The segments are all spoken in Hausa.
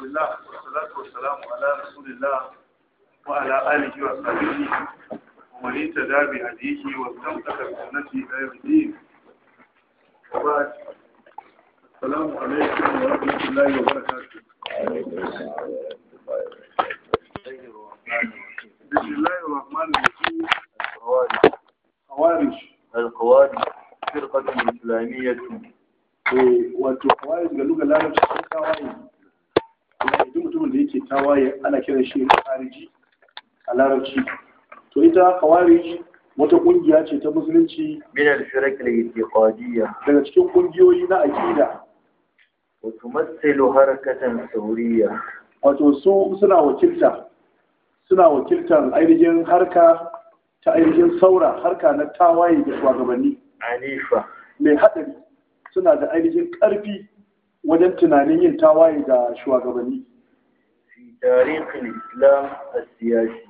بسم الله والصلاة والسلام على رسول الله وعلى آله وصحبه ومن اهتدى بهديه واستمسك بسنته إلى يوم الدين وبعد السلام عليكم ورحمة الله وبركاته بسم الله الرحمن الرحيم خوارج الخوارج فرقة إسلامية wato kawai ga lugar larabci duk mutumin da yake tawaye ana kiran shi khariji a larabci to ita khawarij wata kungiya ce ta musulunci min al-firaq al-i'tiqadiyya daga cikin kungiyoyi na aqida wa tumassilu harakatan sauriyya wato su suna wakilta suna wakiltar ainihin harka ta ainihin saura harka na tawaye da shugabanni anifa mai hadari suna da ainihin karfi wajen tunanin yin tawaye da shugabanni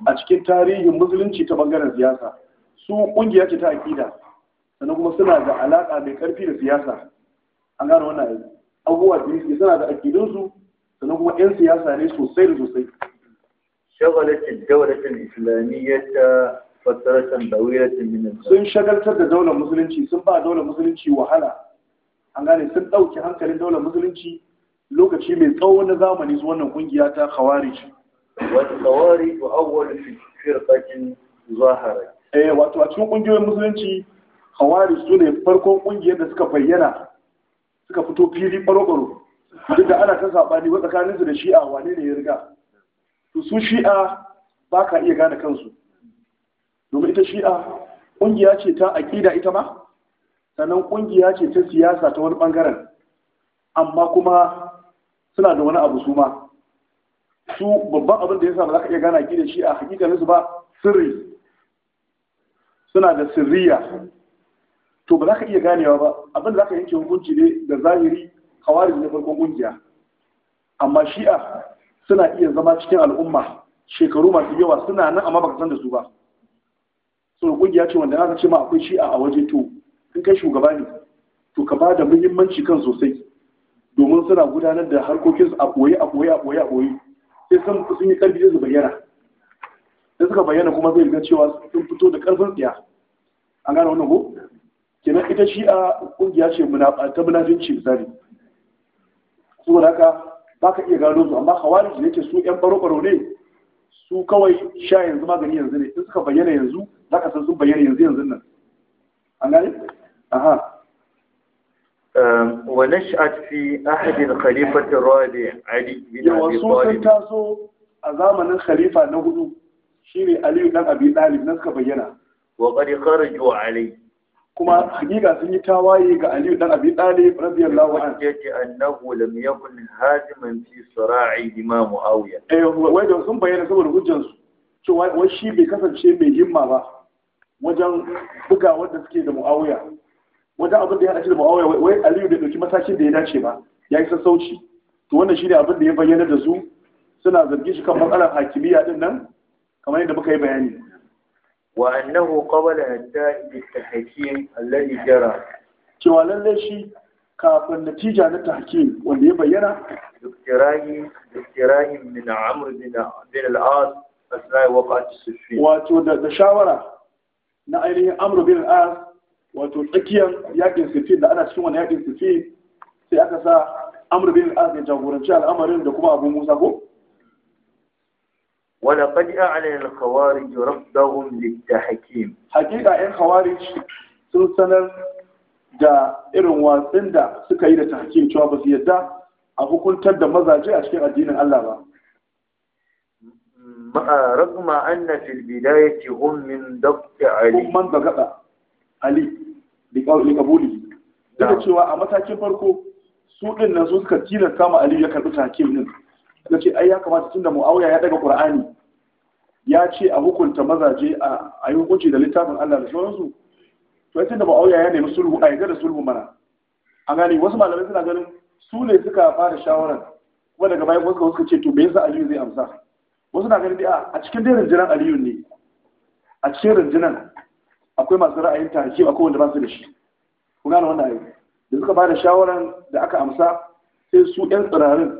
a cikin tarihin musulunci ta bangaren siyasa su kungiya ce ta akida sannan kuma suna da alaka mai karfi da siyasa an gano wannan aiki abubuwa biyu suke suna da akidunsu sannan kuma yan siyasa ne sosai da sosai shagalat ad-dawlat al-islamiyyah fataratan dawilatan min sun shagaltar da daular musulunci sun ba daular musulunci wahala an gane sun ɗauki hankalin daular musulunci lokaci mai tsawo na zamani zuwa wannan kungiya ta khawarij wata khawarij wa awwal firqatin zahara eh wato a cikin kungiyoyin musulunci khawarij ne farkon kungiyar da suka bayyana suka fito fili baro duk da ana ta sabani wa tsakanin su da shi'a wane ne ya riga to su shi'a ba ka iya gane kansu domin ita shi'a kungiya ce ta aqida ita ma sannan kungiya ce ta siyasa ta wani bangaren amma kuma suna da wani abu su ma su babban abin da ya sa ba za ka iya gana ki da shi a hakikanin su ba sirri suna da sirriya to ba za ka iya ganewa ba abin da za ka yanke hukunci ne da zahiri kawari na farkon kungiya amma shi'a suna iya zama cikin al'umma shekaru masu yawa suna nan amma baka san da su ba so kungiya ce wanda ka ce ma akwai shi'a a waje to in kai shugaba ne to ka ba da muhimmanci kan sosai domin suna gudanar da su a koyi, a koyi, a koyi, a koyi, sai sun sun yi ƙarfi su bayyana da suka bayyana kuma zai riga cewa sun fito da ƙarfin tsiya an gane wannan ko kenan ita shi a ƙungiya ce ta munafinci misali saboda haka ba ka iya gano su amma hawari ne ke su 'yan ɓaro ne su kawai sha yanzu magani yanzu ne in suka bayyana yanzu za ka san sun bayyana yanzu yanzu nan an gane aha wa nash'at fi taso a zamanin khalifa na hudu shine Ali dan Abi Talib nan ka bayyana kuma hakika sun yi tawaye ga Ali dan Abi Talib radiyallahu anhu eh wai sun bayyana saboda hujjar su cewa bai kasance mai himma ba wajen buga wanda suke da Muawiya wajen abin da ya haɗa da mu'awiya wai aliyu da ɗauki matakin da ya dace ba ya yi sassauci to wannan shi ne abin da ya bayyana da su suna zargin shi kan matsalar hakimiyya din nan kamar yadda muka yi bayani wa annahu qabala hadda'i tahkim alladhi jara cewa lalle shi kafin natija na tahkim wanda ya bayyana duktirahi duktirahi min amr bin bin al-as asla waqat as-sufyan wato da shawara na ainihin amr bin al-as wato tsakiyar yakin sufi da ana cikin wani yakin sufi sai aka sa amr bin al ya jagoranci al'amarin da kuma abu musa ko ولقد أعلن الخوارج رفضهم Hakika 'yan إن sun sanar da irin watsin da suka yi da tahkim cewa ba su yadda a hukuntar da mazaje a cikin addinin Allah ba. رغم أن في البداية هم من ضبط علي هم من ضغط علي li kabuli Daga cewa a matakin farko su din nan su suka tilasta ma Aliyu ya karbi takim din suka ce ai ya kamata tunda Muawiya ya daga Qur'ani ya ce a hukunta mazaje a ayi hukunci da littafin Allah da sauransu to ai tunda Muawiya ya nemi sulhu ai da sulhu mana A gani wasu malamai suna ganin su ne suka fara shawaran kuma daga bayan wasu suka ce to me yasa Aliyu zai amsa wasu na ganin a cikin dai rundunar Aliyu ne a cikin rundunar akwai masu ra'ayin tarjim akwai wanda ba su da shi kuna da wannan da suka ba da shawaran da aka amsa sai su yan tsirarin